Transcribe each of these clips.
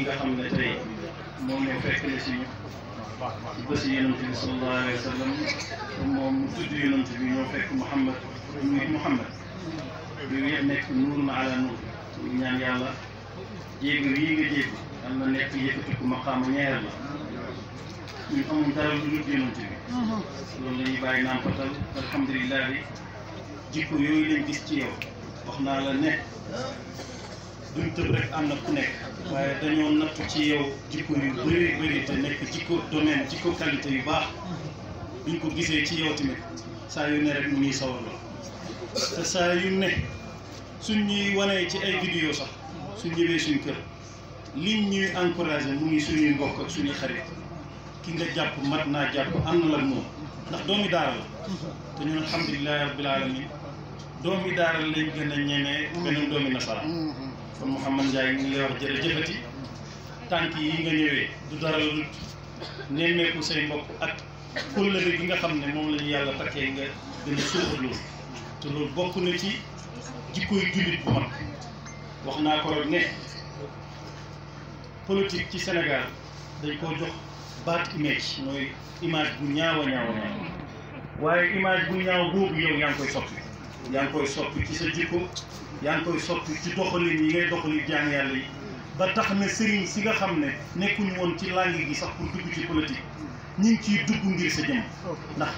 bii nga xam ne tey moom moo fekk ne si bés yonent bi sallallahu alayhi wa sallam moom mu tudd yonent bi ñoo fekk Mouhamed muy Mouhamed yooyu yëpp nekk nuur na ala nuur ñu ñaan yàlla jéeg yi nga jéeg am na nekk yëkkatiku maqaama ñeer la ñun amuñ dara lu dul yonent bi loolu la ñuy bàyyi nàmpatal alhamdulilah bi jikko yooyu lañ gis ci yow wax naa la ne duñ tëb rek am na ku nekk waaye dañoo natt ci yow jikko yu bëri bëri ci ko jikko domaine jikko qualité yu baax duñ ko gisee ci yow tamit saa yu ne rek mu ñuy sawar la te saa yu ne suñ ñuy wanee ci ay vidéo sax suñ ñëwee suñ kër liñ ñuy encouragé mu ngi suñuy mbokk ak suñuy xarit ki nga jàpp mat naa jàpp am na la moom ndax doomi daara la te ñun alhamdulilahi rabbil alamin doomi daara lañ gën a ñemee beneen doomi nasara kon Mouhamad Ndiaye ñu ngi lay wax tànk yi nga ñëwee du dara lu dul nemmeeku say mbokk ak kóllëre bi nga xam ne moom la ñu yàlla takkee nga gën a suuxat loolu te loolu bokk na ci jikkoy jullit bu mag wax naa ko rek ne politique ci senegal dañ koo jox baat image mooy image bu ñaaw a ñaaw waaye image bu ñaaw boobu yow yaa ngi koy soppi yaa ngi koy soppi ci sa jikko yaa ngi koy soppi ci doxalin yi ngay doxali jaam yàlla yi ba tax ne sëriñ si nga xam ne nekkuñu woon ci langue gi sax pour dugg ci politique ñi ngi ciy dugg ngir sa jëm ndax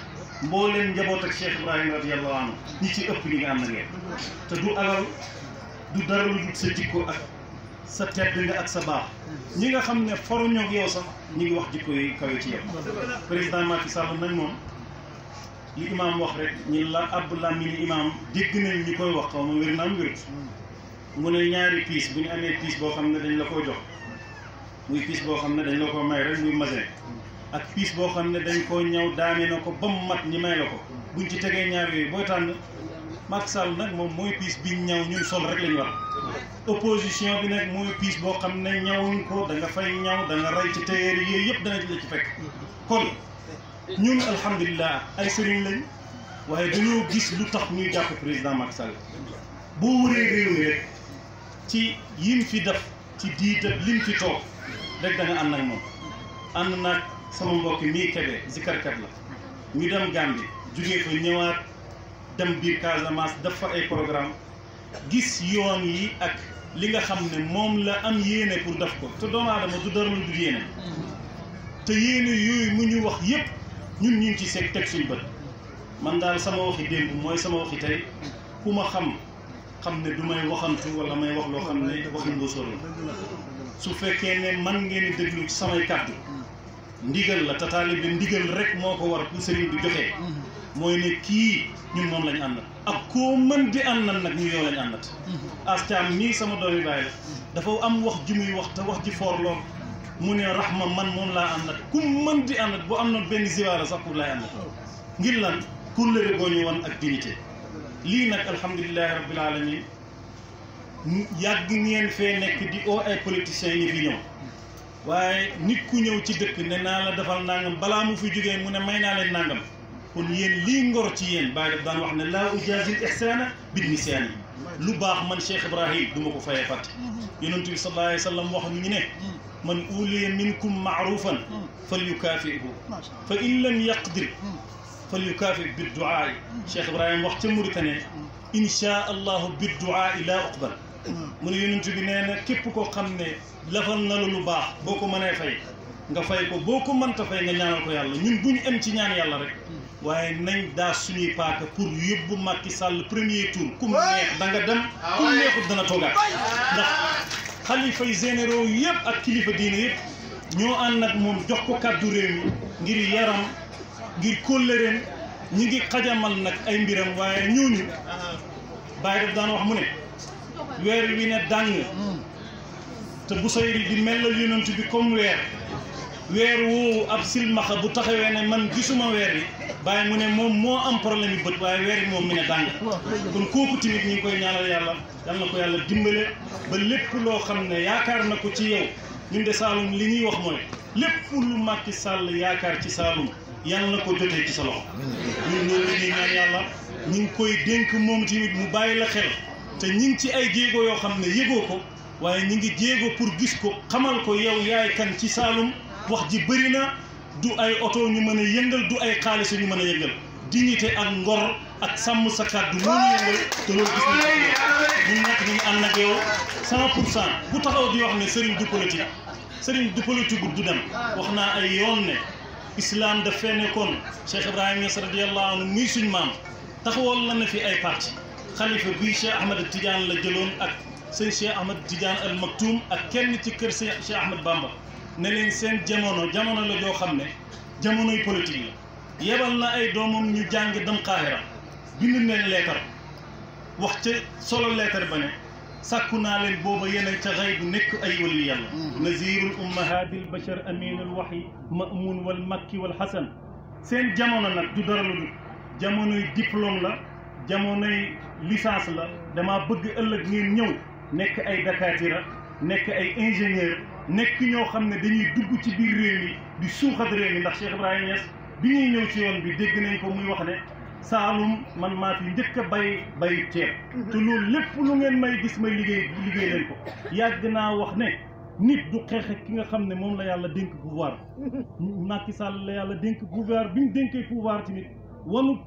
mbooleen njaboot ak Cheikh Ibrahima radiyallahu anhu ñi ci ëpp ñi nga am na ngeen te du alal du dara lu dul sa jikko ak sa tedd nga ak sa baax ñi nga xam ne foruñoo ak yow sax ñi ngi wax jikko yi kawe ci yow président Macky Sall nag moom li imaam wax rek ñu la ab làmmiñ imaam dégg nañ ñi koy wax xaw ma wér mu ne ñaari piis bu ñu amee piis boo xam ne dañ la ko jox muy piis boo xam ne dañ la ko may rek muy ak piis boo xam ne dañ koo ñëw daane na ko ba mu mat ñi may la ko ñu ci tegee ñaar yooyu booy tànn Macky Sall nag moom mooy piis bi ñëw ñun sol rek lañu wax opposition bi nag mooy piis boo xam ne ñëwuñ ko da nga fay ñëw da nga rey ci téere yooyu yëpp dana ci la ci fekk kon ñun alhamdulilah ay sëriñ lañ waaye dañoo gis lu tax ñuy jàpp président Macky Sall boo wëree réew mi rek ci yim fi def ci diita lim fi toog rek da nga ànd ak moom ànd naag sama mbokk mii Kébé zikarkat la ñu dem Gambie jugee fa ñëwaat dem biir Casamance def fa ay programme gis yoon yi ak li nga xam ne moom la am yéene pour def ko te doomu aadama du dara lu dul te yéene yooyu mu ñu wax yépp ñun ñu ci seet teg suñu bët man daal sama waxi démb mooy sama waxi tey ku ma xam xam ne du may waxantu wala may wax loo xam ne waxin bu sori su fekkee ne man ngeen déglu samay kàddu ndigal la tataali bi ndigal rek moo ko war bu sëriñ bi joxee mooy ne kii ñun moom lañ àndat ak koo mën di àndal nag ñu yow lañ àndat astaam mii sama doomi baay dafa am wax ju muy wax te wax ji foor lool mu ne rahma man moom laa am àndat ku mën di àndat boo am na benn ziwaara sax pour laay àndat ngir lan kóllëre wan ak dignité lii nag alhamdulilahi rabbil alamin yàgg ngeen fee nekk di oo ay politiciens yi fi ñëw waaye nit ku ñëw ci dëkk ne naa la defal nangam balaa mu fi jógee mu ne may naa leen nangam kon yéen lii ngor ci yéen bàyyi daan wax ne laa ujaazil ihsaana bin nisyaan yi lu baax man Cheikh Ibrahim du ko faye fat yonent bi sallallahu alayhi wasallam wax ni ne man uli minkum ma'rufan falyukafihu fa in lam yaqdir falyukafi yukaafi bi duaa Cheikh Ibrahim wax ci Mauritanie insha allahu bi duaa laa aqbal mun ne yonent bi nee na képp koo lafal na lu baax boko mané fay nga fay ko boko man ta fay nga ñaanal ko yàlla ñun buñu am ci ñaan yàlla rek waaye nañ daa suñuy paaka pour yóbbu Macky sàll premier tour ku mu neex da dem ku mu neexut dana toogaat ndax xalifa yi généraux yëpp ak kilifa diine yëpp ñoo ànd ak moom jox ko kàddu réew mi ngir yaram ngir kóllëreem ñi ngi xajamal nag ay mbiram waaye ñooñu bàyyi daan wax mu ne weer wi ne dàng te bu sayri di mellal yonent bi comme weer weer woowu ab silmaxa bu taxawee ne man gisuma weer yi bàyyi mu ne moom moo am problème yu bët waaye weeri moom mu ne bàng kon kooku tamit ñu ngi koy ñaanal yàlla yal na ko yàlla dimbale ba lépp loo xam ne yaakaar na ko ci ñu ñun de Saalum li ñuy wax mooy lépp lu Macky Sall yaakaar ci Saalum yal na ko jotee ci sa loxo ñun loolu la ñuy ñaan yàlla ñu ngi koy dénk moom tamit mu bàyyi la xel te ñu ngi ci ay jéego yoo xam ne yëgoo ko waaye ñu ngi jéego pour gis ko xamal ko yow yaay kan ci Saalum wax ji bëri na du ay auto ñu mëna yëngal du ay xaaliss ñu mëna yëngal dignité ak ngor ak sam sa kàddu moo ñu yëngal te loolu gis nañ ñu nak ñu ànd ak yow 100% bu taxaw di wax ne sëriñ du politique sëriñ du politique du dem waxna ay yoon ne islam daf fee nekkoon Cheikh Ibrahima Niass radiyallahu anhu muy suñu mam taxawol la na fi ay parti khalifa bi Cheikh Ahmed Tidiane la jëloon ak sëñ Cheikh Ahmed Tidiane al Maktoum ak kenn ci kër Cheikh Ahmed Bamba ne leen seen jamono jamono la joo xam ne jamonoy politique la yebal na ay doomam ñu jàng dem Qaahira bind leen leetar wax ca solo leetar ba ne sàkku naa leen booba yeneen ca xay bu nekk ay wali yàlla mm-hmm. nazirul ummahatil bachar aminul waxyi mamun wal makki wal hasan seen jamono nag du dara lu dul jamonoy diplôme la jamonoy licence la dama bëgg ëllëg ngeen ñëw nekk ay dakatira nekk ay ingénieur nekk ñoo xam ne dañuy dugg ci biir réew yi di suuxat réew mi ndax Cheikh Ibrahima Niass bi ñuy ñëw ci yoon bi dégg nañ ko muy wax ne Saalum man maa fi njëkk a bay bay ceeb mhm. te loolu lépp lu ngeen may gis ma liggéey liggéey ko yàgg naa wax ne nit du xeexe ki nga xam ne moom la yàlla dénk pouvoir mhm. Macky Sall la yàlla dénk pouvoir bi ñu dénkee pouvoir ci nit wanut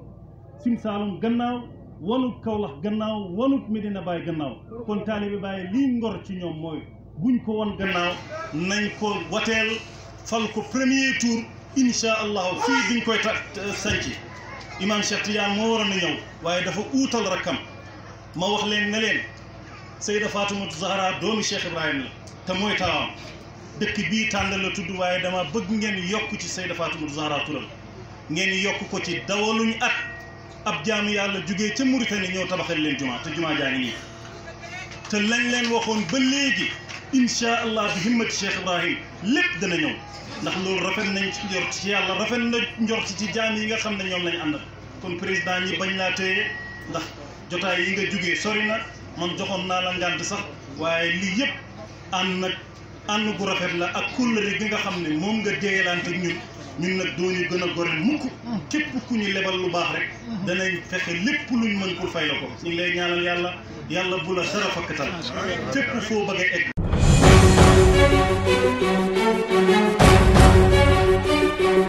Sine Saalum gannaaw wanut Kaolack gannaaw wanut Medina Baye gannaaw kon taalibe Baye lii ngor ci ñoom mooy buñ ko won gannaaw nañ ko wateel fal ko premier tour incha allahu fii biñ koy ta sanc imam Cheikh Tidiane moo waroon a ñëw waaye dafa uutal rakkam ma wax leen ne leen Sayda Fatimatu Zahra doomi Cheikh Ibrahim la te mooy taawam dëkk bii tàndal la tudd waaye dama bëgg ngeen yokk ci Sayda Fatimatu Zahra turam ngeen yokk ko ci dawaluñ at ab jaamu yàlla jugee ca Mauritanie ñëw tabaxal leen jumaa te jumaa jaa ngi nii te lañ leen waxoon ba léegi incha allah bi himmat Cheikh Ibrahim lépp dana ñëw ndax loolu rafet nañ ci njort ci yàlla rafet na njort ci jaam yi nga xam na ñoom lañ àndal kon président ñi bañ laa téye ndax jotaay yi nga jugee sori na man joxoon naa la ngànt sax waaye lii yëpp ànd nag ànd gu rafet la ak kóllëre gi nga xam ne moom nga deelante ñun ñun nag doo ñu gën a gore mukk képp ku ñu lebal lu baax rek danañ fexe lépp luñ mën pour fay la ko ñu ngi lay ñaanal yàlla yàlla bu la dara fakkatal foo bëgg a egg Thank you.